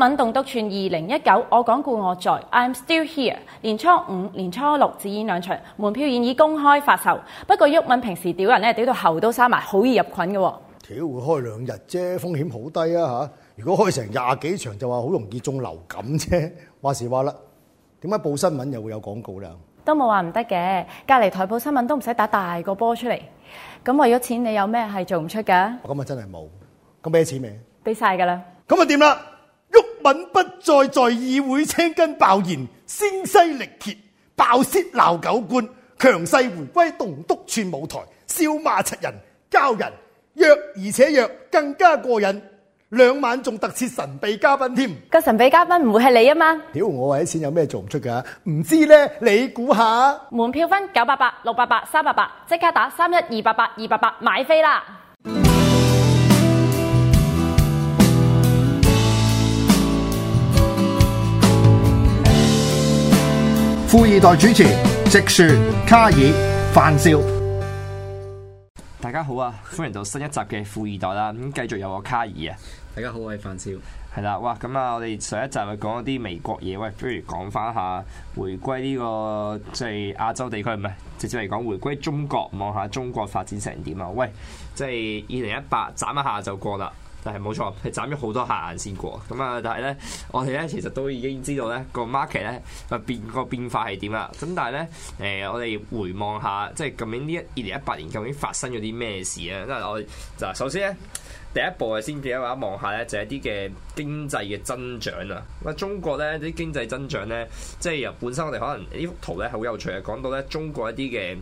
毓民棟篤串二零一九，我講故我在，I'm still here。年初五、年初六只演兩場，門票現已公開發售。不過毓民平時屌人咧，屌到喉都沙埋，好易入菌嘅。屌會開兩日啫，風險好低啊吓！如果開成廿幾場，就話好容易中流感啫。話時話啦，點解報新聞又會有廣告咧？都冇話唔得嘅，隔籬台報新聞都唔使打大個波出嚟。咁為咗錢，你有咩係做唔出㗎？咁啊、哦、真係冇。咁俾咗錢未？俾晒噶啦。咁啊掂啦。敏不再在，在議會青筋爆現，聲嘶力竭，爆舌鬧狗官，強勢回歸棟篤串舞台，笑罵七人，教人弱而且弱，更加過癮。兩晚仲特設神秘嘉賓添，個神秘嘉賓唔會係你啊嘛？屌我為啲錢有咩做唔出噶？唔知呢？你估下？門票分九八八、六八八、三八八，即刻打三一二八八、二八八買飛啦！富易袋主持，直船卡爾范少，大家好啊，歡迎到新一集嘅富易袋啦，咁繼續有我卡爾啊，大家好，我係范少，係啦，哇，咁啊，我哋上一集咪講咗啲美國嘢喂，不如講翻下回歸呢個即係亞洲地區係咪？直接嚟講回歸中國，望下中國發展成點啊？喂，即係二零一八眨一下就過啦。但係冇錯，係斬咗好多下眼先過，咁啊！但係咧，我哋咧其實都已經知道咧個 market 咧變個變化係點啦。咁但係咧，誒、呃、我哋回望下，即係今年呢一二零一八年究竟發生咗啲咩事啊？因為我就首先咧。第一步先俾大家望下咧，就係一啲嘅經濟嘅增長啊。咁中國咧啲經濟增長咧，即係由本身我哋可能呢幅圖咧好有趣啊，講到咧中國一啲嘅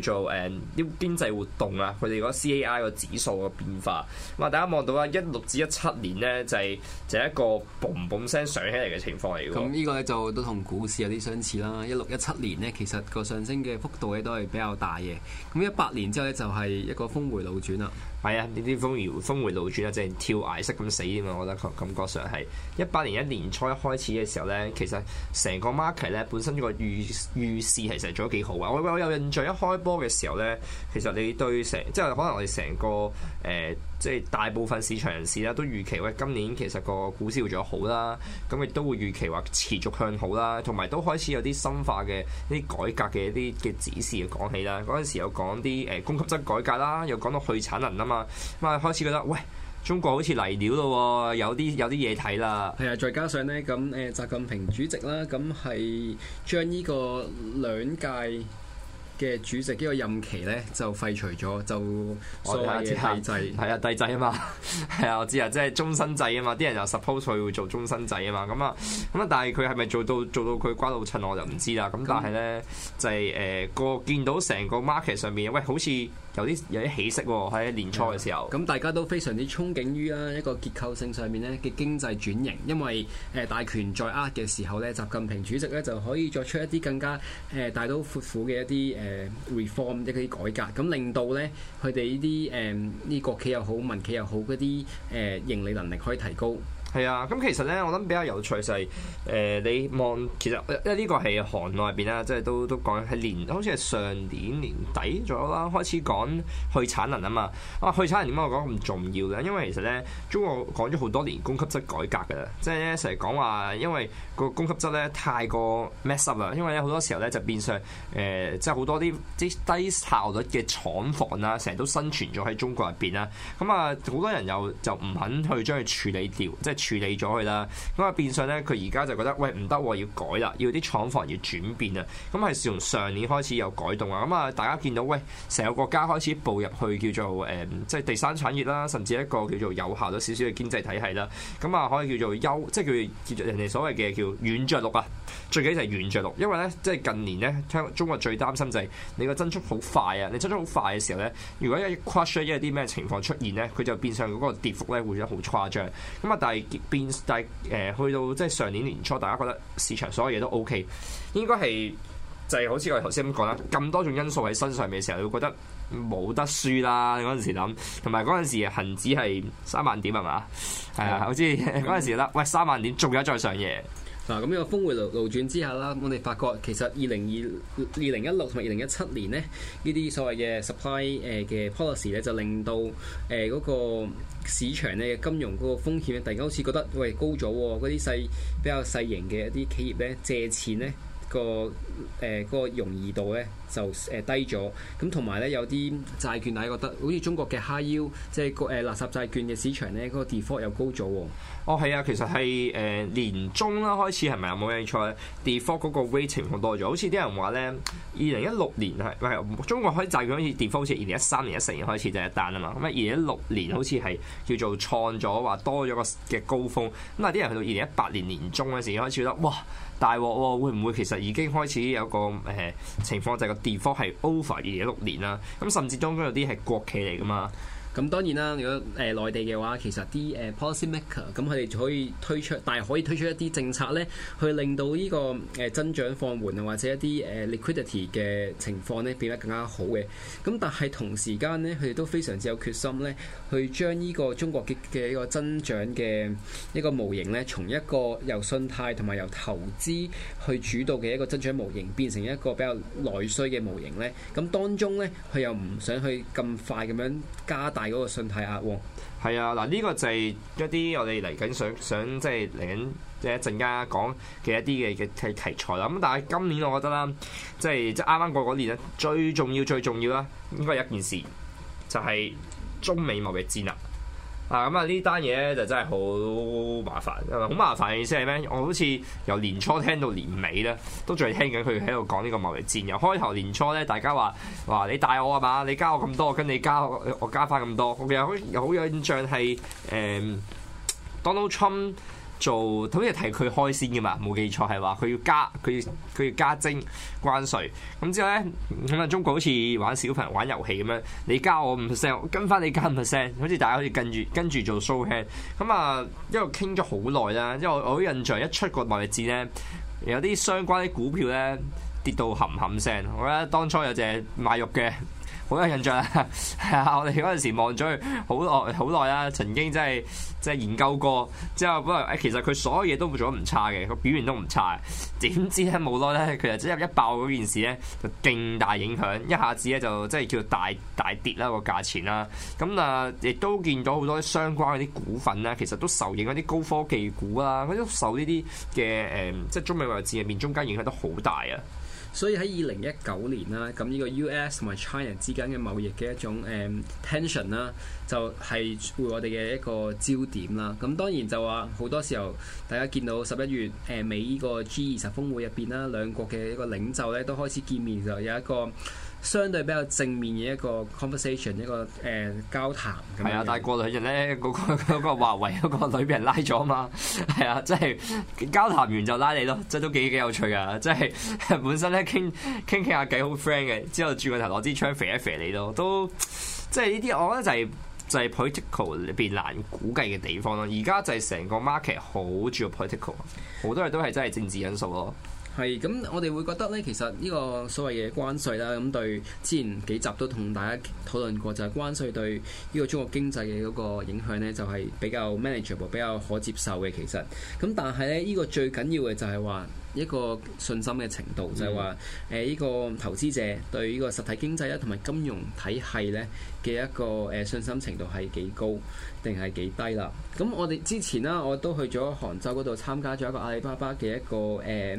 叫做誒啲、嗯、經濟活動啊，佢哋個 C A I 個指數嘅變化。咁啊，大家望到啊，一六至一七年呢，就係就一個嘣嘣聲上起嚟嘅情況嚟嘅。咁呢個咧就都同股市有啲相似啦。一六一七年呢，其實個上升嘅幅度咧都係比較大嘅。咁一八年之後咧就係一個峰回路轉啦。係啊，呢啲峰迴峰回老主啊，即係跳崖式咁死添啊！我覺得感覺上係一八年一年初一開始嘅時候咧，其實成個 market 咧本身個預預示其實做得幾好啊！我我有印象一開波嘅時候咧，其實你對成即係可能我哋成個誒。呃即係大部分市場人士啦，都預期喂今年其實個股市會仲好啦，咁亦都會預期話持續向好啦，同埋都開始有啲深化嘅啲改革嘅一啲嘅指示講起啦。嗰陣時有講啲誒供給側改革啦，又講到去產能啊嘛，咁啊開始覺得喂中國好似嚟料咯，有啲有啲嘢睇啦。係啊，再加上咧咁誒習近平主席啦，咁係將呢個兩屆嘅主席呢個任期咧就廢除咗，就所謂嘅帝制，係啊帝制啊嘛，係 啊我知啊，即係終身制啊嘛，啲人又 suppose 佢會做終身制啊嘛，咁啊咁啊，但係佢係咪做到做到佢瓜到襯我就唔知啦，咁但係咧咁就係誒個見到成個 market 上面，喂，好似，有啲有啲起色喎、哦，喺年初嘅時候。咁、嗯嗯、大家都非常之憧憬於啊一個結構性上面咧嘅經濟轉型，因為誒、呃、大權在握嘅時候咧，習近平主席咧就可以作出一啲更加誒、呃、大刀闊斧嘅一啲誒、呃、reform 即啲改革，咁、嗯、令到咧佢哋呢啲誒呢國企又好、民企又好嗰啲誒盈利能力可以提高。係啊，咁、嗯、其實咧，我諗比較有趣就係誒你望，其實因為呢個係行內入邊啦，即係都都講係年，好似係上年年底左右啦，開始講去產能啊嘛。啊，去產能點解我講咁重要嘅？因為其實咧，中國講咗好多年供給側改革㗎啦，即係成日講話，因為個供給側咧太過 mess up 啦，因為咧好多時候咧就變相誒、呃，即係好多啲啲低效率嘅廠房啊，成日都生存咗喺中國入邊啦。咁、嗯、啊，好多人又就唔肯去將佢處理掉，即係。處理咗佢啦，咁啊變相咧，佢而家就覺得喂唔得，要改啦，要啲廠房要轉變啊，咁係從上年開始有改動啊，咁啊大家見到喂，成個國家開始步入去叫做誒、呃，即係第三產業啦，甚至一個叫做有效咗少少嘅經濟體系啦，咁啊可以叫做優，即係叫人哋所謂嘅叫軟着陸啊，最緊要就係軟着陸，因為咧即係近年咧，聽中國最擔心就係你個增速好快啊，你增速好快嘅時候咧，如果一啲咩情況出現咧，佢就變相嗰個跌幅咧會好誇張，咁啊但係。變，但係、呃、去到即係上年年初，大家覺得市場所有嘢都 OK，應該係就係好似我哋頭先咁講啦，咁多種因素喺身上面嘅時候，你會覺得冇得輸啦。嗰陣時諗，同埋嗰陣時恆指係三萬點係嘛？係、嗯、啊，好似嗰陣時啦，喂，三萬點仲有再上嘢。嗱，咁呢、嗯這個峰回路路轉之下啦、嗯，我哋發覺其實二零二二零一六同埋二零一七年咧，謂 ly，呃、呢啲所謂嘅 supply 誒嘅 policy 咧，就令到誒嗰、呃那個市場咧、金融嗰個風險咧，突然間好似覺得喂高咗喎、哦，嗰啲細比較細型嘅一啲企業咧，借錢咧、那個誒嗰、呃那個、容易度咧。就誒低咗，咁同埋咧有啲債券啊，覺得好似中國嘅 high yield，即係個誒垃圾債券嘅市場咧，嗰、那個 default 又高咗喎。哦，係、哦、啊，其實係誒年中啦開始係咪啊？冇錯，default 嗰個 rating 情況多咗，好似啲人話咧，二零一六年係中國開債券好似 default？好似二零一三年、一四年開始,年一開始就係、一單啊嘛。咁啊，二零一六年好似係叫做創咗話多咗個嘅高峰。咁啊，啲人去到二零一八年年中嗰陣時開始覺得哇大鑊喎，會唔會其實已經開始有個誒、呃、情況就係個。地方係 over 二一六年啦，咁甚至當中有啲係國企嚟噶嘛。咁當然啦，如果誒內地嘅話，其實啲誒 policy maker，咁佢哋可以推出，但係可以推出一啲政策咧，去令到呢個誒增長放緩啊，或者一啲誒 liquidity 嘅情況咧，變得更加好嘅。咁但係同時間咧，佢哋都非常之有決心咧，去將呢個中國嘅一個增長嘅一個模型咧，從一個由信貸同埋由投資去主導嘅一個增長模型，變成一個比較內需嘅模型咧。咁當中咧，佢又唔想去咁快咁樣加大大嗰個信貸額喎，係啊，嗱、這、呢個就係一啲我哋嚟緊想想即係嚟緊即係一陣間講嘅一啲嘅嘅題題材啦。咁但係今年我覺得啦，即係即係啱啱過嗰年咧，最重要最重要啦，應該係一件事，就係、是、中美貿易戰啦。啊咁啊！呢單嘢咧就真係好麻煩，好麻煩嘅意思係咩？我好似由年初聽到年尾咧，都仲係聽緊佢喺度講呢個貿易戰。由開頭年初咧，大家話話你帶我啊嘛，你加我咁多，跟你加我，我加翻咁多。我其實有好有，有印象係誒、呃，Donald Trump。做好似係提佢開先嘅嘛，冇記錯係話佢要加，佢要佢要加徵關稅，咁之後咧喺個中國好似玩小朋友玩遊戲咁樣，你加我五 percent，我跟翻你加五 percent，好似大家好似跟住跟住做 show hand，咁啊一路傾咗好耐啦，因為我啲印象一出個貿易戰咧，有啲相關啲股票咧跌到冚冚聲，我覺得當初有隻賣肉嘅。好有印象啊！ 我哋嗰陣時望咗佢好耐，好耐啦。曾經真係真係研究過之後不，不過誒，其實佢所有嘢都做得唔差嘅，個表現都唔差。點知咧，冇耐咧，佢就即係一爆嗰件事咧，就勁大影響，一下子咧就即係叫大大跌啦個價錢啦。咁啊，亦都見到好多相關嗰啲股份咧，其實都受影響啲高科技股啦，佢都受呢啲嘅誒，即係中美貿易戰入面，中間影響都好大啊！所以喺二零一九年啦，咁呢個 US 同埋 China 之間嘅貿易嘅一種誒、嗯、tension 啦、啊，就係、是、會我哋嘅一個焦點啦。咁當然就話好多時候，大家見到十一月誒、啊、美呢個 G 二十峰會入邊啦，兩國嘅一個領袖咧都開始見面就有一個相對比較正面嘅一個 conversation，一個誒、呃、交談咁樣。係啊，但係過兩日咧，嗰個嗰個華為嗰個女俾人拉咗啊嘛。係啊，即係交談完就拉你咯，即係都幾幾有趣噶。即係本身咧傾傾傾下偈好 friend 嘅，之後轉個頭攞支槍肥一肥你咯。都即係呢啲，我覺得就係、是、就係、是、political 裏邊難估計嘅地方咯。而家就係成個 market 好住 political，好多嘢都係真係政治因素咯。係咁，我哋會覺得咧，其實呢個所謂嘅關稅啦，咁對之前幾集都同大家討論過，就係關稅對呢個中國經濟嘅嗰個影響咧，就係比較 manageable，比較可接受嘅其實。咁但係咧，呢個最緊要嘅就係話，一個信心嘅程度，就係話誒呢個投資者對呢個實體經濟啦，同埋金融體系咧嘅一個誒、呃、信心程度係幾高定係幾低啦？咁我哋之前啦，我都去咗杭州嗰度參加咗一個阿里巴巴嘅一個誒、呃、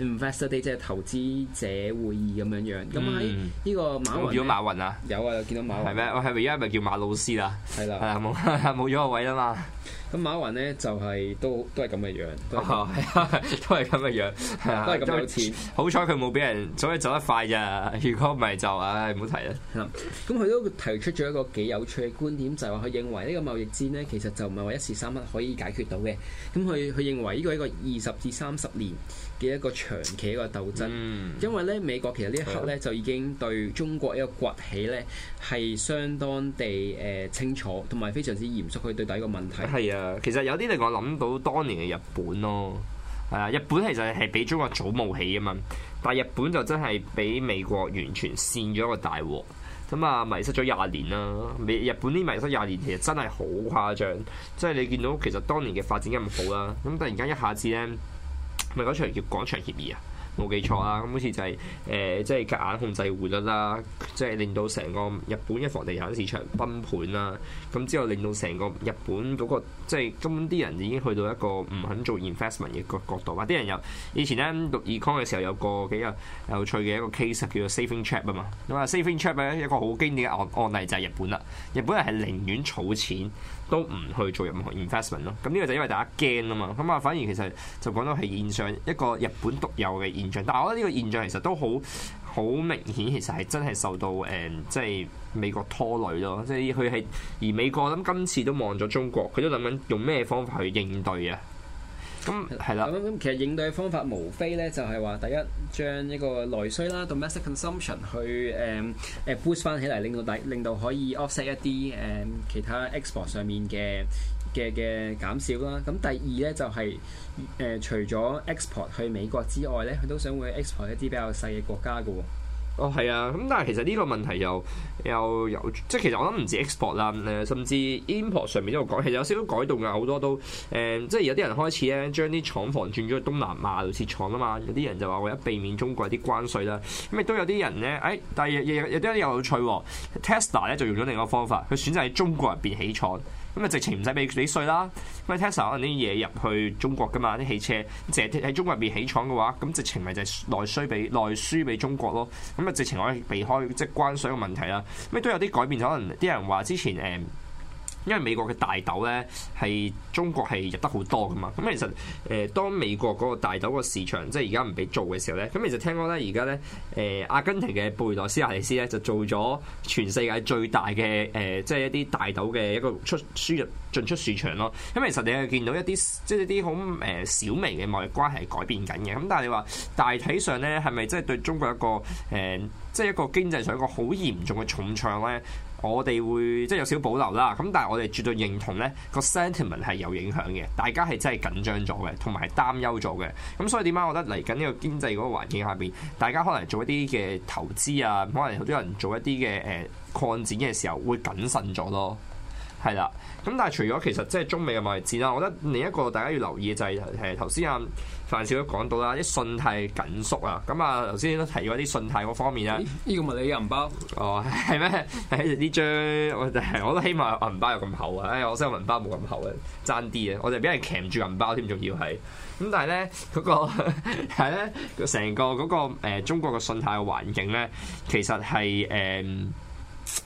investor Day 即係投資者會議咁樣樣。咁喺呢個馬雲，見到馬雲啊，有啊，有見到馬雲係咩、啊？我係咪而家係咪叫馬老師啦？係啦的，係啊，冇冇咗個位啊嘛～咁馬雲咧就係、是、都都係咁嘅樣，都係咁嘅樣， 都係咁嘅錢。好彩佢冇俾人，所以走得快咋，如果唔係就，唉唔好提啦。咁佢 都提出咗一個幾有趣嘅觀點，就係話佢認為呢個貿易戰咧，其實就唔係話一時三刻可以解決到嘅。咁佢佢認為呢個係一個二十至三十年嘅一個長期一個鬥爭，嗯、因為咧美國其實呢一刻咧就已經對中國一個崛起咧係相當地誒、呃、清楚，同埋非常之嚴肅去對待一個問題。係啊、嗯，其實有啲令我諗到當年嘅日本咯，係啊，日本其實係比中國早冒起啊嘛，但係日本就真係俾美國完全扇咗一個大鑊，咁啊迷失咗廿年啦。日日本啲迷失廿年其實真係好誇張，即係你見到其實當年嘅發展咁好啦，咁突然間一下子咧。咪嗰場叫廣場協議啊，冇記錯啊。咁好似就係、是、誒，即係夾硬控制匯率啦、啊，即、就、係、是、令到成個日本嘅房地產市場崩盤啦、啊。咁之後令到成個日本嗰、那個即係、就是、根本啲人已經去到一個唔肯做 investment 嘅角角度。話啲人又以前咧讀 Econ 嘅時候有個幾個有趣嘅一個 case 叫做 Saving Trap 啊嘛。咁啊 Saving Trap 咧一個好經典嘅案案例就係日本啦。日本人係寧願儲錢。都唔去做任何 investment 咯，咁呢個就因為大家驚啊嘛，咁啊反而其實就講到係現象，一個日本獨有嘅現象，但係我覺得呢個現象其實都好好明顯，其實係真係受到誒、呃、即係美國拖累咯，即係佢係，而美國諗今次都望咗中國，佢都諗緊用咩方法去應對啊？咁係啦，咁咁、嗯嗯、其實應對方法無非咧，就係、是、話第一，將呢個內需啦，domestic consumption 去誒誒、嗯 uh, boost 翻起嚟，令到第令到可以 offset 一啲誒、嗯、其他 export 上面嘅嘅嘅減少啦。咁第二咧就係、是、誒、呃、除咗 export 去美國之外咧，佢都想會 export 一啲比較細嘅國家㗎喎、哦。哦，係啊，咁但係其實呢個問題又又又即係其實我諗唔止 export 啦，甚至 import 上面都有改，其實有少少改動㗎，好多都誒、嗯，即係有啲人開始咧將啲廠房轉咗去東南亞度設廠啊嘛，有啲人就話為咗避免中國啲關稅啦，咁亦都有啲人咧，誒、哎，但係有，有有有啲有趣，Tesla 咧就用咗另一個方法，佢選擇喺中國入邊起廠。咁咪直情唔使俾俾稅啦。咁 Tesla 可能啲嘢入去中國噶嘛，啲汽車淨係喺中國入邊起廠嘅話，咁直情咪就係內需俾內輸俾中國咯。咁啊，直情可以避開即係、就是、關稅嘅問題啦。咁啊，都有啲改變，可能啲人話之前誒。嗯因為美國嘅大豆咧係中國係入得好多㗎嘛，咁其實誒、呃、當美國嗰個大豆個市場即係而家唔俾做嘅時候咧，咁其實聽講咧而家咧誒阿根廷嘅布宜諾斯艾利斯咧就做咗全世界最大嘅誒、呃，即係一啲大豆嘅一個出輸入進出市場咯。咁、嗯、其實你係見到一啲即係一啲好誒小微嘅貿易關係改變緊嘅，咁但係你話大體上咧係咪真係即係對中國一個誒、呃，即係一個經濟上一個好嚴重嘅重創咧？我哋會即係有少少保留啦，咁但係我哋絕對認同咧個 sentiment 係有影響嘅，大家係真係緊張咗嘅，同埋擔憂咗嘅，咁所以點解我覺得嚟緊呢個經濟嗰個環境下邊，大家可能做一啲嘅投資啊，可能好多人做一啲嘅誒擴展嘅時候會謹慎咗咯。係啦，咁但係除咗其實即係中美嘅貿易戰啦，我覺得另一個大家要留意嘅就係誒頭先啊范少都講到啦，啲信貸緊縮啊，咁啊頭先都提咗啲信貸嗰方面啊，呢個咪你嘅銀包？哦，係咩？係 呢張我誒，我都希望銀包有咁厚啊！我真係銀包冇咁厚啊，爭啲啊！我哋俾人鉗住銀包添，仲要係咁，但係咧嗰個係咧成個嗰、嗰個、呃、中國嘅信貸嘅環境咧，其實係誒。呃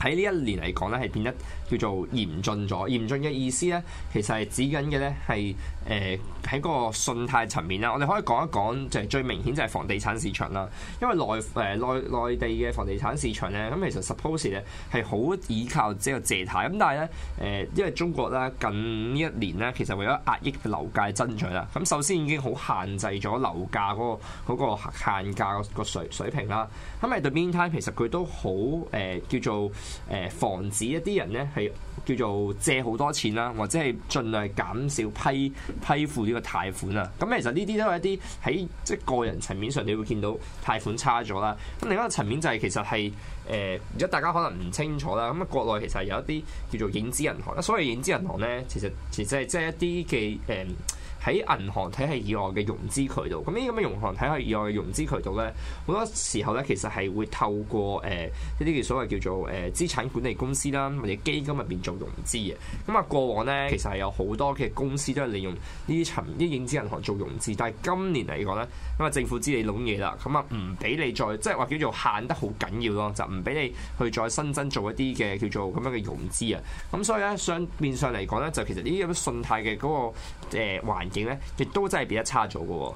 喺呢一年嚟講咧，係變得叫做嚴峻咗。嚴峻嘅意思咧，其實係指緊嘅咧係誒喺嗰個信貸層面啦。我哋可以講一講，就係最明顯就係房地產市場啦。因為內誒內內地嘅房地產市場咧，咁其實 suppose 咧係好倚靠即係借貸咁，但係咧誒因為中國咧近呢一年咧，其實為咗壓抑樓價增長啦，咁首先已經好限制咗樓價嗰個嗰個限價個水水平啦。咁喺度 mean time 其實佢都好誒、呃、叫做。誒防止一啲人咧係叫做借好多錢啦，或者係盡量減少批批付呢個貸款啊。咁其實呢啲都係一啲喺即係個人層面上，你會見到貸款差咗啦。咁另一個層面就係其實係誒、呃，如果大家可能唔清楚啦，咁啊國內其實有一啲叫做影子銀行啦。所謂影子銀行咧，其實其實係即係一啲嘅誒，嗯喺銀行體系以外嘅融資渠道，咁呢啲咁嘅銀行體系以外嘅融資渠道咧，好多時候咧其實係會透過誒一啲嘅所謂叫做誒、呃、資產管理公司啦，或者基金入邊做融資嘅。咁啊過往咧其實係有好多嘅公司都係利用呢層啲影子銀行做融資，但係今年嚟講咧，咁啊政府知你攞嘢啦，咁啊唔俾你再即係話叫做限得好緊要咯，就唔俾你去再新增做一啲嘅叫做咁樣嘅融資啊。咁所以咧，相變相嚟講咧，就其實呢啲咁嘅信貸嘅嗰、那個誒、呃、環。影咧亦都真係變得差咗嘅喎。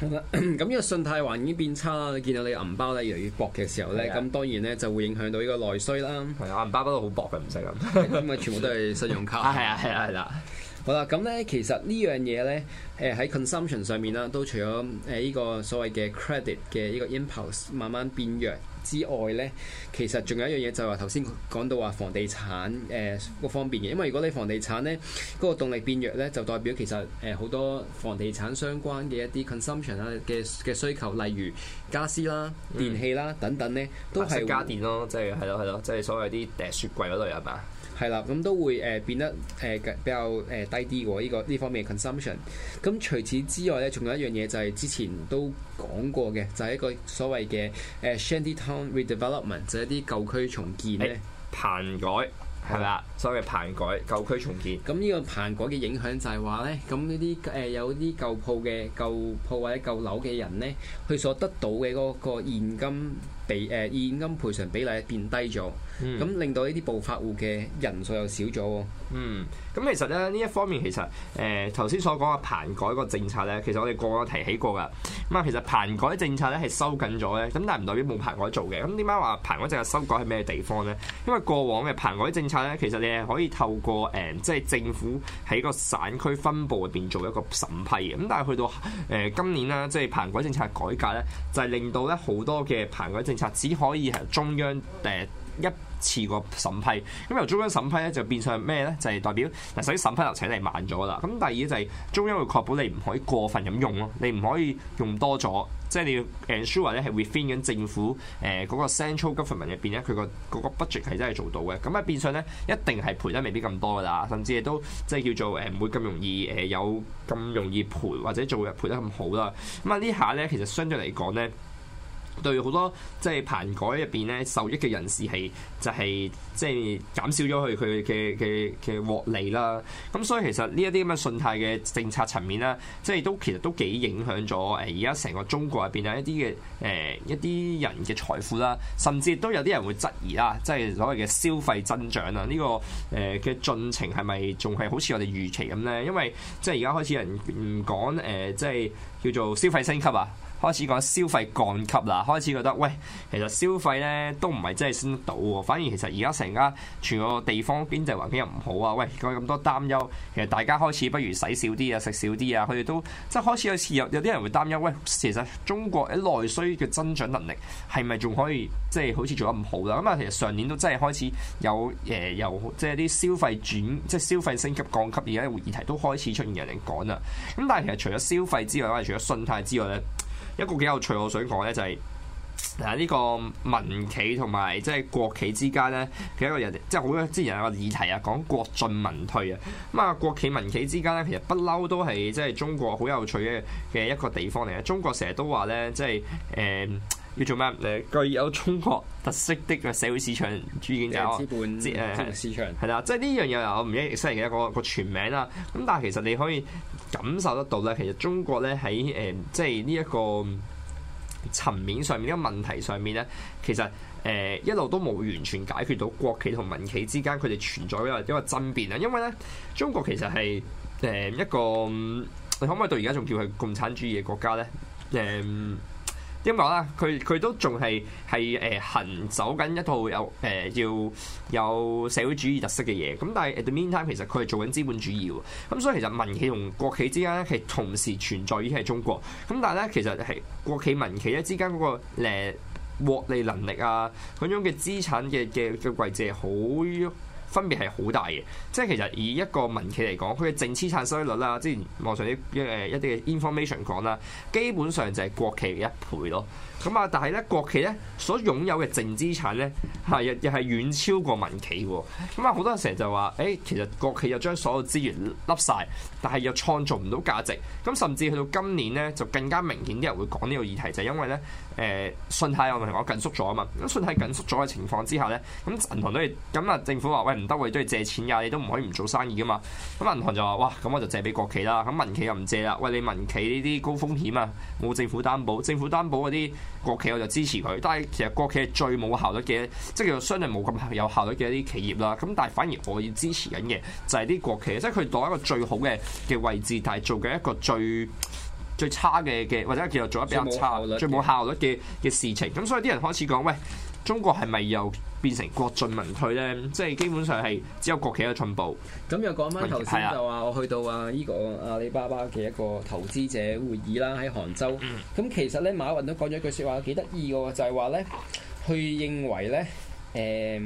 係啦，咁呢個信貸環境變差啦，你見到你銀包咧越嚟越薄嘅時候咧，咁的當然咧就會影響到呢個內需啦。係啊，銀包都好薄嘅，唔使啦，咁 因為全部都係信用卡。係啊， 係啊，係啦。好啦，咁咧其實呢樣嘢咧，誒喺 consumption 上面啦，都除咗誒依個所謂嘅 credit 嘅呢個 impulse 慢慢變弱。之外咧，其實仲有一樣嘢就係話頭先講到話房地產誒、呃、嗰方面嘅，因為如果你房地產咧嗰個動力變弱咧，就代表其實誒好多房地產相關嘅一啲 consumption 啦嘅嘅需求，例如家私啦、電器啦、嗯、等等咧，都係家電咯，即係係咯係咯，即係所謂啲掟雪櫃嗰類係嘛。係啦，咁都會誒變得誒、呃、比較誒低啲嘅喎，呢、呢個、方面嘅 consumption。咁除此之外咧，仲有一樣嘢就係之前都講過嘅，就係、是、一個所謂嘅誒 shanty town redevelopment，就係啲舊區重建咧。棚改係啦，所謂棚改舊區重建。咁呢、欸哦、個棚改嘅影響就係話咧，咁呢啲誒有啲舊鋪嘅舊鋪或者舊樓嘅人咧，佢所得到嘅嗰個現金。被誒現金賠償比例變低咗，咁、嗯、令到呢啲暴發戶嘅人數又少咗。嗯，咁其實咧呢一方面其實誒頭先所講嘅棚改個政策咧，其實我哋過都提起過㗎。咁啊，其實棚改政策咧係收緊咗咧，咁但係唔代表冇棚改做嘅。咁點解話棚改政策修改係咩地方咧？因為過往嘅棚改政策咧，其實你係可以透過誒即係政府喺個省區分佈入邊做一個審批嘅。咁但係去到誒、呃、今年啦，即係棚改政策改革咧，就係、是、令到咧好多嘅棚改政策政策只可以係中央誒一次個審批，咁由中央審批咧就變相咩咧？就係、是、代表嗱，首先審批流程肯定慢咗啦。咁第二就係中央會確保你唔可以過分咁用咯，你唔可以用多咗，即係你要 ensure 咧係 within 緊政府誒嗰、呃那個 central government 入邊咧，佢、那個嗰 budget 係真係做到嘅。咁啊變相咧一定係賠得未必咁多㗎啦，甚至係都即係叫做誒唔、呃、會咁容易誒、呃、有咁容易賠或者做賠得咁好啦。咁啊呢下咧其實相對嚟講咧。對好多即係棚改入邊咧受益嘅人士係就係即係減少咗佢佢嘅嘅嘅獲利啦。咁所以其實呢一啲咁嘅信貸嘅政策層面咧，即係都其實都幾影響咗誒而家成個中國入邊啊一啲嘅誒一啲人嘅財富啦，甚至都有啲人會質疑啦，即係所謂嘅消費增長啊呢個誒嘅進程係咪仲係好似我哋預期咁咧？因為即係而家開始有人唔講誒，即係叫做消費升級啊。開始講消費降級啦，開始覺得喂，其實消費咧都唔係真係升得到喎，反而其實而家成家全個地方經濟環境又唔好啊，喂，咁有咁多擔憂，其實大家開始不如使少啲啊，食少啲啊，佢哋都即係開始有有啲人會擔憂，喂，其實中國喺內需嘅增長能力係咪仲可以即係好似做得唔好啦？咁啊，其實上年都真係開始有誒、呃、有即係啲消費轉即係消費升級降級而家議題都開始出現人嚟講啦。咁但係其實除咗消費之外咧，或者除咗信貸之外咧。一個幾有趣，我想講呢，就係啊呢個民企同埋即係國企之間呢，其實一個人即係好之前有個議題啊，講國進民退啊，咁啊國企民企之間呢，其實不嬲都係即係中國好有趣嘅嘅一個地方嚟嘅。中國成日都話呢、就是，即係誒。叫做咩？誒具有中國特色的社會市場主義經濟資本資誒市場係啦，即係呢樣嘢我唔的、嗯、記得嚟嘅，個全名啦。咁、嗯、但係其實你可以感受得到咧，其實中國咧喺誒即係呢一個層面上面，一個問題上面咧、嗯，其實誒一路都冇完全解決到國企同民企之間佢哋存在嗰個一個爭辯啊。因為咧，中國其實係誒一個你可唔可以到而家仲叫佢共產主義嘅國家咧？誒。 點講咧？佢佢都仲係係誒行走緊一套有誒要有社會主義特色嘅嘢，咁但係 during time 其實佢係做緊資本主義喎。咁所以其實民企同國企之間咧係同時存在於係中國。咁但係咧，其實係國企民企咧之間嗰個誒獲利能力啊，嗰種嘅資產嘅嘅嘅位置係好分別係好大嘅，即係其實以一個民企嚟講，佢嘅淨資產收益率啦，之前網上啲一一啲嘅 information 講啦，基本上就係國企嘅一倍咯。咁啊，但係咧國企咧所擁有嘅淨資產咧，嚇又又係遠超過民企喎。咁啊，好多人成日就話，誒其實國企又將所有資源甩晒，但係又創造唔到價值。咁甚至去到今年咧，就更加明顯啲人會講呢個議題，就係、是、因為咧誒、欸、信貸有問題我緊縮咗啊嘛。咁信貸緊縮咗嘅情況之下咧，咁銀行都要咁啊政府話喂。得，佢都要借錢呀！你都唔可以唔做生意噶嘛。咁銀行就話：哇，咁我就借俾國企啦。咁民企又唔借啦。喂，你民企呢啲高風險啊，冇政府擔保，政府擔保嗰啲國企我就支持佢。但係其實國企係最冇效率嘅，即係其實相對冇咁有效率嘅一啲企業啦。咁但係反而我要支持緊嘅就係啲國企，即係佢當一個最好嘅嘅位置，但係做緊一個最最差嘅嘅，或者叫做做得比較差、最冇效率嘅嘅事情。咁所以啲人開始講：喂。中國係咪又變成國進民退呢？即係基本上係只有國企有進步。嗯。咁又講翻頭先就話我去到啊呢個阿里巴巴嘅一個投資者會議啦，喺杭州。咁其實呢，馬雲都講咗一句説話幾得意嘅喎，就係、是、話呢，佢認為呢，誒、呃，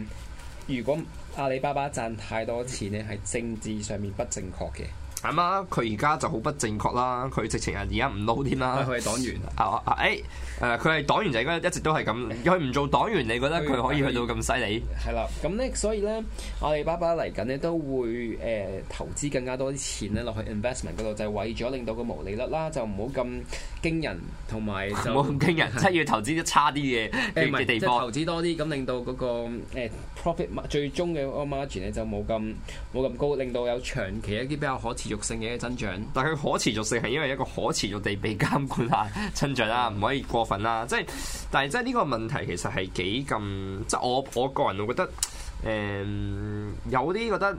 如果阿里巴巴賺太多錢呢係政治上面不正確嘅。係嘛？佢而家就好不正確啦！佢直情係而家唔撈添啦。佢係、嗯、黨員啊，嘛、哎？誒、呃、誒，佢係黨員就應該一直都係咁。佢唔做黨員，你覺得佢可以去到咁犀利？係、嗯嗯、啦。咁咧，所以咧，阿里巴巴嚟緊咧都會誒、呃、投資更加多啲錢咧落去 investment 度，就係、為咗令到個毛利率啦，就唔好咁驚人，同埋唔好咁驚人。即係要投資啲差啲嘅地方。呃就係、投資多啲，咁令到嗰、那個、呃、profit 最終嘅 margin 咧就冇咁冇咁高，令到有長期一啲比較可持續性嘅一個增長，但佢可持續性係因為一個可持續地被監管下。 增長啦，唔可以過分啦。即係，但係即係呢個問題其實係幾咁，即係我我個人會覺得，誒、呃、有啲覺得，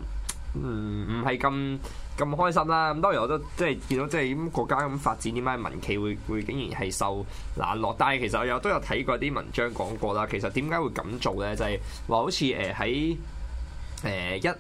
嗯唔係咁咁開心啦。咁當然我都即係見到，即係咁國家咁發展，點解民企會會竟然係受冷落？但係其實我有都有睇過啲文章講過啦。其實點解會咁做咧？就係、是、話好似誒喺誒一。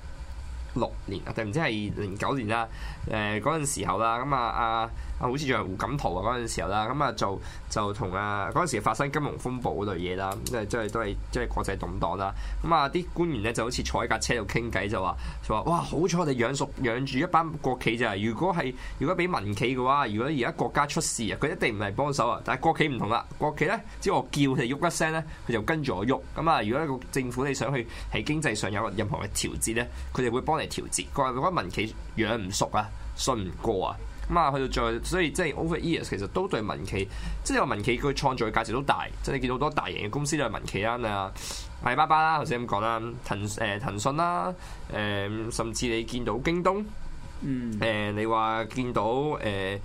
六年啊，定唔知係零九年啦？誒，嗰陣時候啦，咁啊，阿。好似仲係胡錦濤啊嗰陣時候啦，咁啊就就同啊嗰陣時發生金融風暴嗰類嘢啦，即係即係都係即係國際動盪啦。咁啊啲官員咧就好似坐喺架車度傾偈就話就話哇，好彩我哋養熟養住一班國企咋，如果係如果俾民企嘅話，如果而家國家出事啊，佢一定唔係幫手啊。但係國企唔同啦，國企咧只要我叫佢喐一聲咧，佢就跟住我喐。咁啊，如果一個政府你想去喺經濟上有任何嘅調節咧，佢哋會幫你調節。個嗰民企養唔熟啊，信唔過啊。咁啊，去到再，所以即係 over years 其實都對民企，即係有民企佢創造嘅價值都大。即係你見到好多大型嘅公司都係民企啦，阿里巴巴啦頭先咁講啦，騰誒騰訊啦，誒甚至你見到京東，誒嗯欸你話見到誒。欸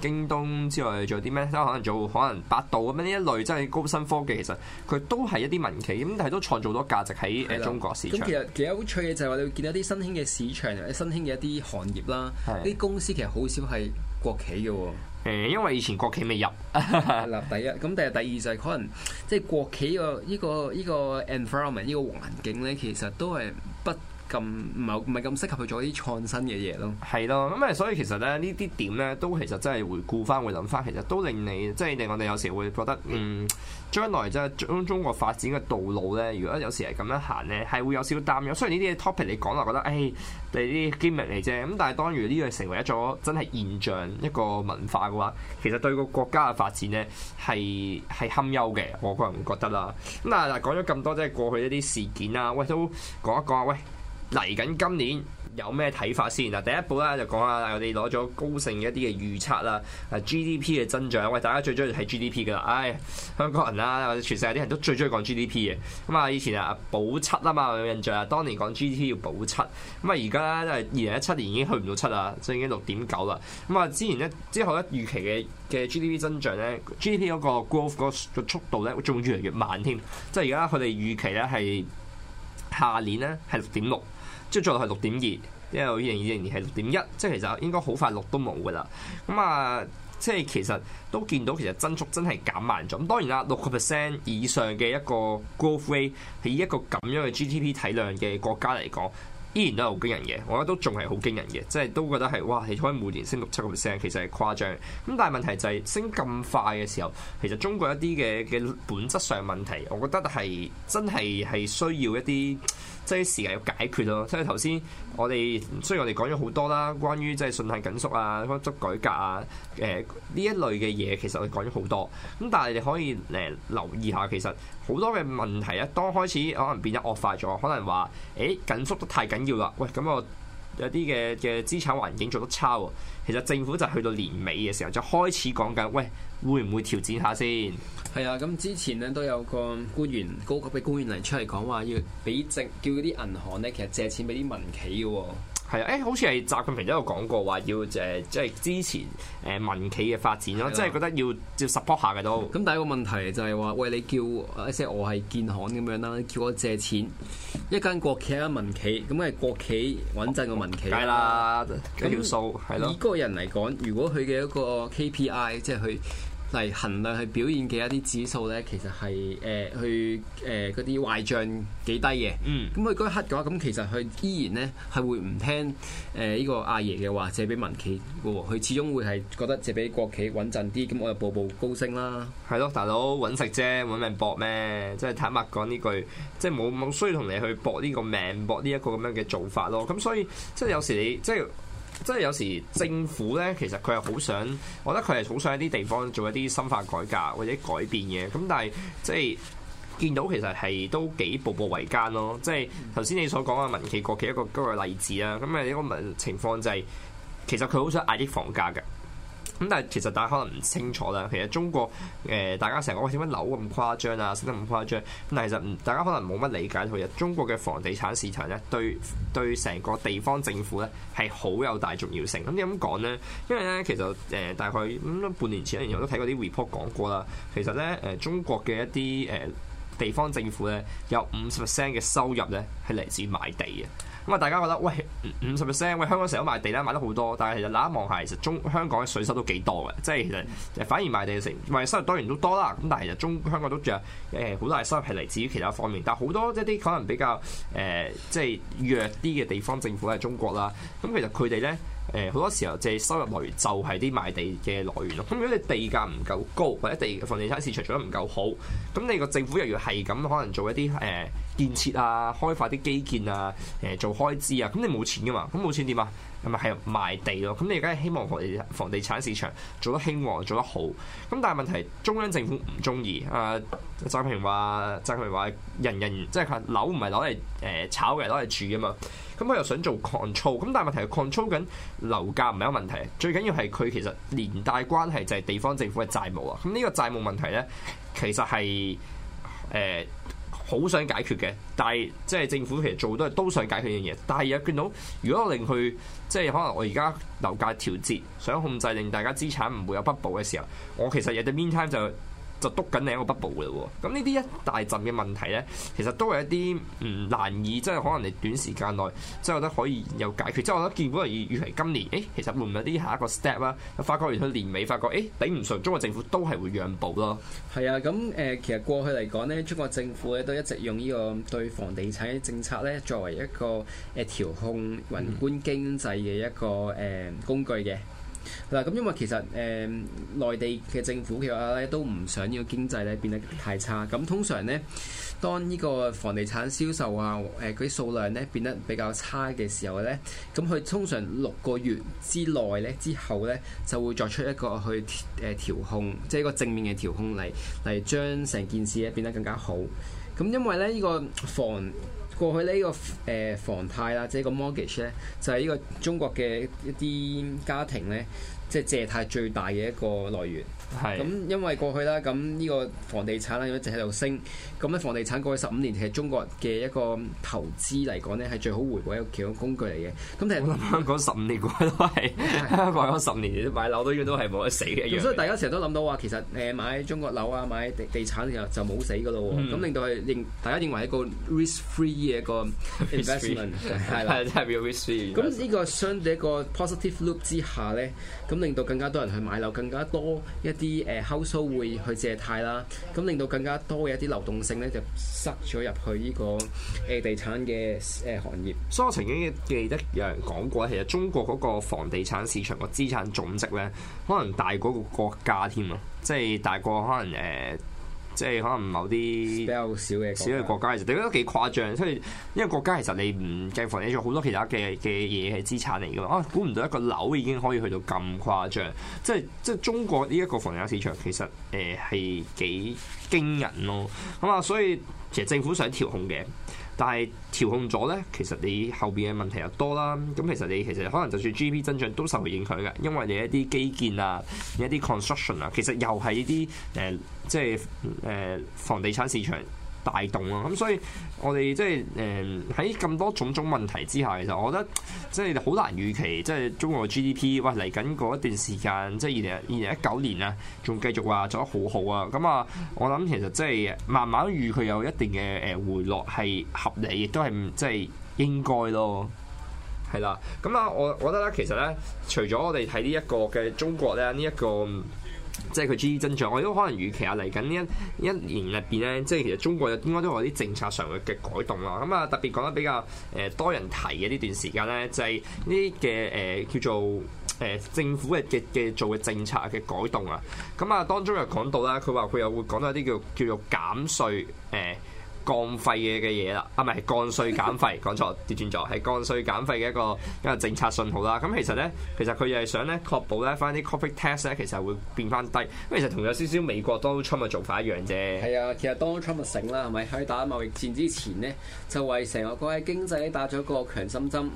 京東之外仲有啲咩？都可能做可能百度咁樣呢一類，真係高新科技。其實佢都係一啲民企，咁但係都創造咗價值喺誒中國市場。咁了、嗯、其實幾有趣嘅就係話，你會見到啲新興嘅市場，新興嘅一啲行業啦，啲對公司其實好少係國企嘅喎、嗯。因為以前國企未入嗱， 第一，咁但係第二就係可能即係國企、呢個呢、呢個呢個 environment 呢個環境咧，其實都係。咁唔係唔係咁適合去做啲創新嘅嘢咯？係咯，咁誒，所以其實咧，呢啲點咧，都其實真係回顧翻會諗翻，其實都令你即係令我哋有時會覺得，嗯，將來即係中中國發展嘅道路咧，如果有時係咁樣行咧，係會有少少擔憂。雖然呢啲 topic 你講落覺得，誒、哎，你啲 gimmick 嚟啫，咁但係當如呢樣成為一種真係現象，一個文化嘅話，其實對個國家嘅發展咧係係堪憂嘅。我個人覺得啦。咁啊，講咗咁多，即係過去一啲事件啊，喂，都講一講啊，喂。嚟緊今年有咩睇法先嗱？第一步咧就講下我哋攞咗高盛一啲嘅預測啦，GDP 嘅增長喂，大家最中意睇 GDP 噶啦，唉，香港人啦、啊，或者全世界啲人都最中意講 GDP 嘅。咁啊，以前啊保七啊嘛，我有印象啊？當年講 GDP 要保七，咁啊而家咧都係二零一七年已經去唔到七啦，所以已經六點九啦。咁啊之前咧之後咧預期嘅嘅 GDP 增長咧，GDP 嗰個 growth 嗰個速度咧仲越嚟越慢添，即係而家佢哋預期咧係下年咧係六點六。即係再落係六點二，因為二零二零年係六點一，即係其實應該好快六都冇噶啦。咁啊，即係其實都見到其實增速真係減慢咗。咁當然啦，六個 percent 以上嘅一個 growth rate 係一個咁樣嘅 GDP 體量嘅國家嚟講，依然都係好驚人嘅。我覺得都仲係好驚人嘅，即係都覺得係哇，你可以每年升六七個 percent，其實係誇張。咁但係問題就係升咁快嘅時候，其實中國一啲嘅嘅本質上問題，我覺得係真係係需要一啲。即係時間要解決咯，所以頭先我哋雖然我哋講咗好多啦，關於即係信貸緊縮啊、方針改革啊、誒呢一類嘅嘢，其實我哋講咗好多，咁但係你可以誒留意下，其實好多嘅問題呀，當開始可能變得惡化咗，可能話誒、欸、緊縮得太緊要啦，喂咁我。有啲嘅嘅資產環境做得差喎，其實政府就去到年尾嘅時候就開始講緊，喂會唔會調整下先？係啊，咁之前咧都有個官員高級嘅官員嚟出嚟講話，要俾政叫啲銀行咧，其實借錢俾啲民企嘅、哦。係啊，誒、欸，好似係習近平都有講過話要誒、呃，即係支持誒民企嘅發展咯，的即係覺得要要 support 下嘅都。咁、嗯、第一個問題就係話，喂你叫一些我係建行咁樣啦，叫我借錢，一間國企一間民企，咁係國企穩陣過民企。梗係啦，一吧條數係咯。那吧以個人嚟講，如果佢嘅一個 KPI，即係佢。嚟衡量去表現嘅一啲指數咧，其實係誒去誒嗰啲壞帳幾低嘅。嗯，咁佢嗰一刻嘅話，咁其實佢依然咧係會唔聽誒呢、呃呢個阿爺嘅話，借俾民企喎。佢始終會係覺得借俾國企穩陣啲，咁我就步步高升啦。係咯，大佬揾食啫，揾命搏咩？即係坦白講呢句，即係冇冇需要同你去搏呢個命，搏呢一個咁樣嘅做法咯。咁所以即係有時你即係。即係有時政府咧，其實佢係好想，我覺得佢係好想一啲地方做一啲深化改革或者改變嘅。咁但係即係見到其實係都幾步步為艱咯。即係頭先你所講嘅民企國企一個嗰個例子啦。咁啊，一個情況就係、是、其實佢好想壓啲房價嘅。咁但係其實大家可能唔清楚啦，其實中國誒、呃、大家成日講點解樓咁誇張啊，升得咁誇張，咁但係其實大家可能冇乜理解到嘅，中國嘅房地產市場咧，對對成個地方政府咧係好有大重要性。咁點咁講咧？因為咧其實誒、呃、大概咁樣、嗯、半年前，然後我都睇過啲 report 講過啦，其實咧誒、呃、中國嘅一啲誒、呃、地方政府咧，有五十 percent 嘅收入咧係嚟自賣地啊。咁啊！大家覺得喂，五十 percent，喂，香港成日都賣地啦，賣得好多。但係其實嗱，一望下，其實中香港嘅稅收都幾多嘅。即係其實，反而賣地成，賣收入當然都多啦。咁但係其實中香港都著誒好多收入係嚟自於其他方面。但係好多一啲可能比較誒、呃、即係弱啲嘅地方政府係中國啦。咁其實佢哋咧誒好多時候即係收入來源就係啲賣地嘅來源咯。咁如果你地價唔夠高，或者地房地產市場做得唔夠好，咁你個政府又要係咁可能做一啲誒。呃建設啊，開發啲基建啊，誒、欸、做開支啊，咁你冇錢噶嘛？咁冇錢點啊？咁咪係賣地咯。咁你而家希望房地，房地產市場做得興旺，做得好。咁但係問題，中央政府唔中意。誒、呃，習近平話，習近平話，人人即係佢樓唔係攞嚟誒炒嘅，攞嚟住啊嘛。咁佢又想做 control。咁但係問題係 control 緊樓價唔係一個問題，最緊要係佢其實連帶關係就係地方政府嘅債務啊。咁呢個債務問題咧，其實係誒。欸好想解決嘅，但係即係政府其實做都係都想解決呢樣嘢，但係有見到，如果我令佢即係可能我而家樓價調節，想控制令大家資產唔會有不保嘅時候，我其實有啲 mean time 就。就督緊你一個北部嘅喎，咁呢啲一大陣嘅問題咧，其實都係一啲唔難以即係可能你短時間內即係我覺得可以有解決，即係我覺得見本嚟越嚟今年，誒、欸、其實會唔會有啲下一個 step 啦，發覺完佢年尾發覺誒頂唔順中國政府都係會讓步咯。係啊，咁、嗯、誒其實過去嚟講咧，中國政府咧都一直用呢個對房地產政策咧作為一個誒調控宏觀經濟嘅一個誒工具嘅。嗱，咁因為其實誒、呃、內地嘅政府嘅話咧，都唔想呢個經濟咧變得太差。咁通常咧，當呢個房地產銷售啊，誒、呃、啲數量咧變得比較差嘅時候咧，咁佢通常六個月之內咧之後咧，就會作出一個去誒調控，即係一個正面嘅調控嚟嚟將成件事咧變得更加好。咁因為咧呢個房過去呢、呢個誒房貸啦，即係個 mortgage 咧，就係、是、呢個中國嘅一啲家庭咧，即係借貸最大嘅一個來源。咁因為過去啦，咁呢個房地產咧一直喺度升，咁咧房地產過去十五年其實中國嘅一個投資嚟講咧係最好回報一個其中工具嚟嘅。咁你係咪諗緊嗰十五年過都係香港十年買樓都應該都係冇得死嘅？咁所以大家成日都諗到話，其實誒買中國樓啊，買地地產又就冇死噶咯喎。咁令到係令大家認為係一個 risk free 嘅一個 investment，係啦，真係叫 risk free。咁呢個相對一個 positive loop 之下咧，咁令到更加多人去買樓，更加多一。啲誒 h o u s 會去借貸啦，咁令到更加多嘅一啲流動性咧就塞咗入去呢、這個誒地產嘅誒行業。所以我曾經記得有人講過，其實中國嗰個房地產市場個資產總值咧，可能大過個國家添啊，即係大過可能誒。呃即係可能某啲比較少嘅少嘅國家，其實你覺得幾誇張。所以因為國家其實你唔計房地產好多其他嘅嘅嘢係資產嚟噶嘛。啊，估唔到一個樓已經可以去到咁誇張。即係即係中國呢一個房地產市場其實誒係幾驚人咯。咁啊，所以其實政府想調控嘅，但係調控咗咧，其實你後邊嘅問題又多啦。咁其實你其實可能就算 GDP 增長都受影響嘅，因為你一啲基建啊、你一啲 construction 啊，其實又係呢啲誒。呃即係誒房地產市場大動啊。咁所以我哋即係誒喺咁多種種問題之下，其實我覺得即係好難預期，即係中國 GDP 哇嚟緊嗰一段時間，即係二零二零一九年啊，仲繼續話做得好好啊，咁啊，我諗其實即係慢慢預佢有一定嘅誒回落係合理，亦都係即係應該咯，係啦。咁啊，我覺得咧，其實咧，除咗我哋睇呢一個嘅中國咧，呢一個。即係佢 GDP 增長，我亦都可能預期啊，嚟緊呢一一年入邊咧，即係其實中國又應該都有啲政策上嘅嘅改動啦。咁啊，特別講得比較誒多人提嘅呢段時間咧，就係呢啲嘅誒叫做誒政府嘅嘅嘅做嘅政策嘅改動啊。咁啊，當中又講到啦，佢話佢又會講到一啲叫叫做減稅誒。呃降費嘅嘅嘢啦，啊咪係降稅減費，講錯調轉咗，係降稅減費嘅一個一個政策信號啦。咁其實咧，其實佢又係想咧確保咧翻啲 copy test 咧，其實會變翻低。咁其實同有少少美國當初咪做法一樣啫。係啊，其實當初咪醒啦，係咪喺打貿易戰之前咧，就為成個國嘅經濟咧打咗一個強心針。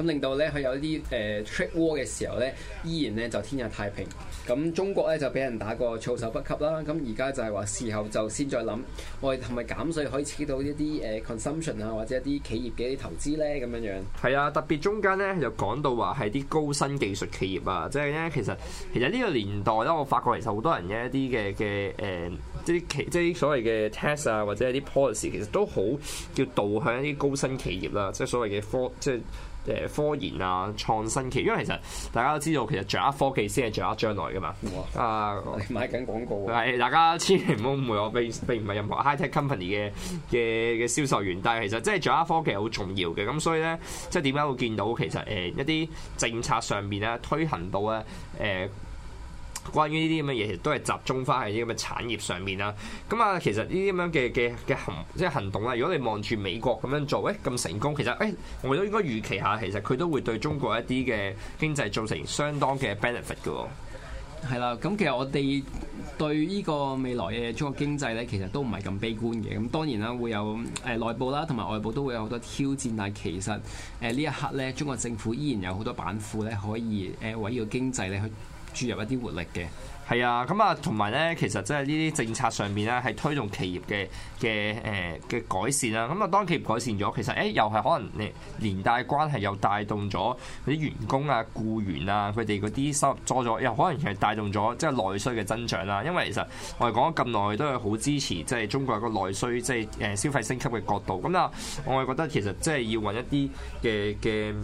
咁令到咧，佢有啲誒、呃、trade war 嘅時候咧，依然咧就天下太平。咁中國咧就俾人打過措手不及啦。咁而家就係話事後就先再諗，我哋係咪減稅可以刺激到一啲誒 consumption 啊，或者一啲企業嘅一啲投資咧？咁樣樣係啊，特別中間咧就講到話係啲高新技術企業啊，即係咧其實其實呢個年代咧，我發覺其實好多人嘅一啲嘅嘅誒，即係其即係所謂嘅 test 啊，或者一啲 policy，其實都好叫導向一啲高新企業啦，即、就、係、是、所謂嘅科即係。誒科研啊，創新期，因為其實大家都知道，其實掌握科技先係掌握將來噶嘛。哇啊，買緊廣告、啊。係，大家千祈唔好誤會我，我並並唔係任何 high tech company 嘅嘅嘅銷售員。但係其實即係掌握科技係好重要嘅，咁所以咧，即係點解會見到其實誒一啲政策上面咧推行到咧誒。呃關於呢啲咁嘅嘢，其實都係集中翻喺啲咁嘅產業上面啦。咁啊，其實呢啲咁樣嘅嘅嘅行即係行動啦。如果你望住美國咁樣做，誒、欸、咁成功，其實誒、欸、我都應該預期下，其實佢都會對中國一啲嘅經濟造成相當嘅 benefit 嘅。係啦，咁其實我哋對呢個未來嘅中國經濟咧，其實都唔係咁悲觀嘅。咁當然啦，會有誒內部啦，同埋外部都會有好多挑戰。但係其實誒呢一刻咧，中國政府依然有好多板斧咧，可以誒圍繞經濟咧去。注入一啲活力嘅，係啊，咁啊，同埋咧，其實即係呢啲政策上面咧，係推動企業嘅嘅誒嘅改善啦。咁、嗯、啊，當企業改善咗，其實誒、欸、又係可能連連帶關係又帶動咗啲員工啊、僱員啊，佢哋嗰啲收入多咗，又可能係帶動咗即係內需嘅增長啦、啊。因為其實我哋講咗咁耐，都係好支持即係中國有個內需即係誒消費升級嘅角度。咁啊，我係覺得其實即係要揾一啲嘅嘅。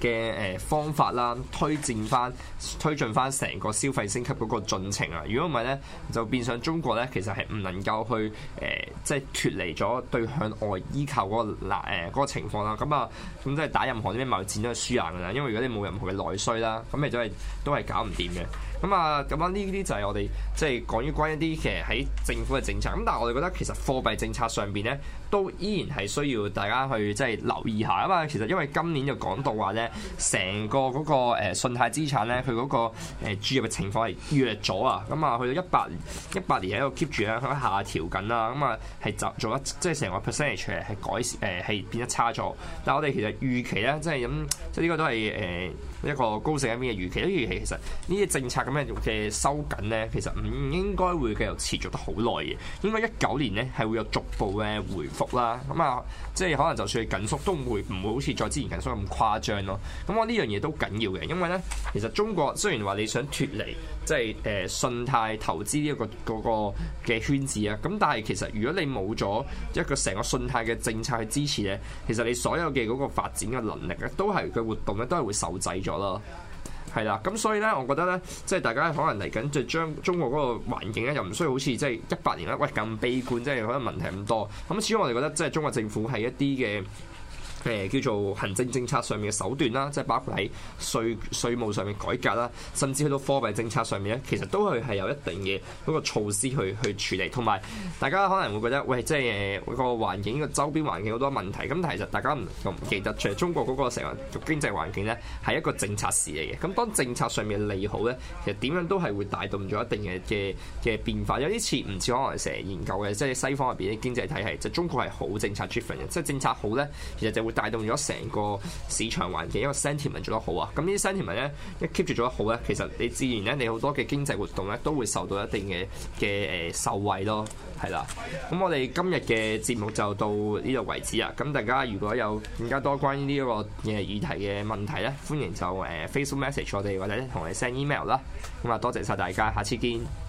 嘅誒方法啦，推薦翻推進翻成個消費升級嗰個進程啊！如果唔係咧，就變相中國咧，其實係唔能夠去誒、呃，即係脫離咗對向外依靠嗰、嗰個嗱、呃嗰個、情況啦。咁啊，咁即係打任何啲咩貿易戰都係輸硬㗎啦。因為如果你冇任何嘅內需啦，咁咪就係都係搞唔掂嘅。咁啊，咁樣呢、啊、啲就係我哋即係關於關於一啲其實喺政府嘅政策。咁但係我哋覺得其實貨幣政策上邊咧，都依然係需要大家去即係留意下啊嘛。其實因為今年就講到話。咧成個嗰個信貸資產咧，佢嗰個注入嘅情況係弱咗啊！咁啊，去到一八一八年喺度 keep 住咧向下調緊啦，咁啊係就做得即係成個 percentage 係改善誒，係變得差咗。但係我哋其實預期咧，即係咁，即係呢個都係誒。一個高成長邊嘅預期，都預期其實呢啲政策咁樣嘅收緊咧，其實唔應該會繼續持續得好耐嘅，應該一九年咧係會有逐步嘅回復啦。咁啊，即係可能就算係緊縮都唔會唔會好似再之前緊縮咁誇張咯。咁我呢樣嘢都緊要嘅，因為咧其實中國雖然話你想脫離。即係誒、呃、信貸投資呢、這、一個嗰、那個嘅圈子啊，咁但係其實如果你冇咗一個成個信貸嘅政策去支持咧，其實你所有嘅嗰個發展嘅能力咧，都係嘅活動咧，都係會受制咗咯。係啦，咁所以咧，我覺得咧，即係大家可能嚟緊就將中國嗰個環境咧，又唔需要好似即係一八年咧，喂咁悲觀，即係可能問題咁多。咁始終我哋覺得即係中國政府係一啲嘅。誒叫做行政政策上面嘅手段啦，即係包括喺稅稅務上面改革啦，甚至去到貨幣政策上面咧，其實都係係有一定嘅嗰個措施去去處理。同埋大家可能會覺得，喂，即係，個環境，個周邊環境好多問題，咁其實大家唔唔記得，除咗中國嗰個成個經濟環境咧係一個政策事嚟嘅。咁當政策上面嘅利好咧，其實點樣都係會帶動咗一定嘅嘅嘅變化。有啲似唔似可能成日研究嘅，即係西方入邊啲經濟體系，就中國係好政策 driven 嘅，即係政策好咧，其實就會。帶動咗成個市場環境，因為 sentiment 做得好啊。咁呢啲 sentiment 咧，一 keep 住做得好咧，其實你自然咧，你好多嘅經濟活動咧，都會受到一定嘅嘅誒受惠咯，係啦。咁我哋今日嘅節目就到呢度為止啊。咁大家如果有更加多關於呢個嘅議題嘅問題咧，歡迎就誒 Facebook message 我哋或者同我哋 send email 啦。咁啊，多謝晒大家，下次見。